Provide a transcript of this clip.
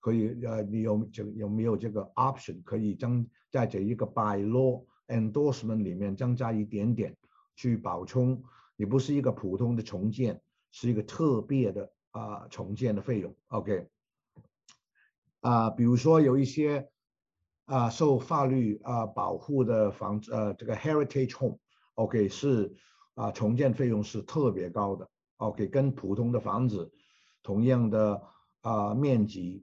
可以呃，你有有沒有這個 option 可以增在這一個 by law endorsement 裏面增加一點點去補充？你不是一個普通的重建，是一個特別的啊、呃、重建的費用。OK，啊、呃，比如說有一些啊、呃、受法律啊、呃、保護的房子，呃，這個 heritage home，OK、OK, 是啊、呃、重建費用是特別高的。OK，跟普通的房子同樣的啊、呃、面積。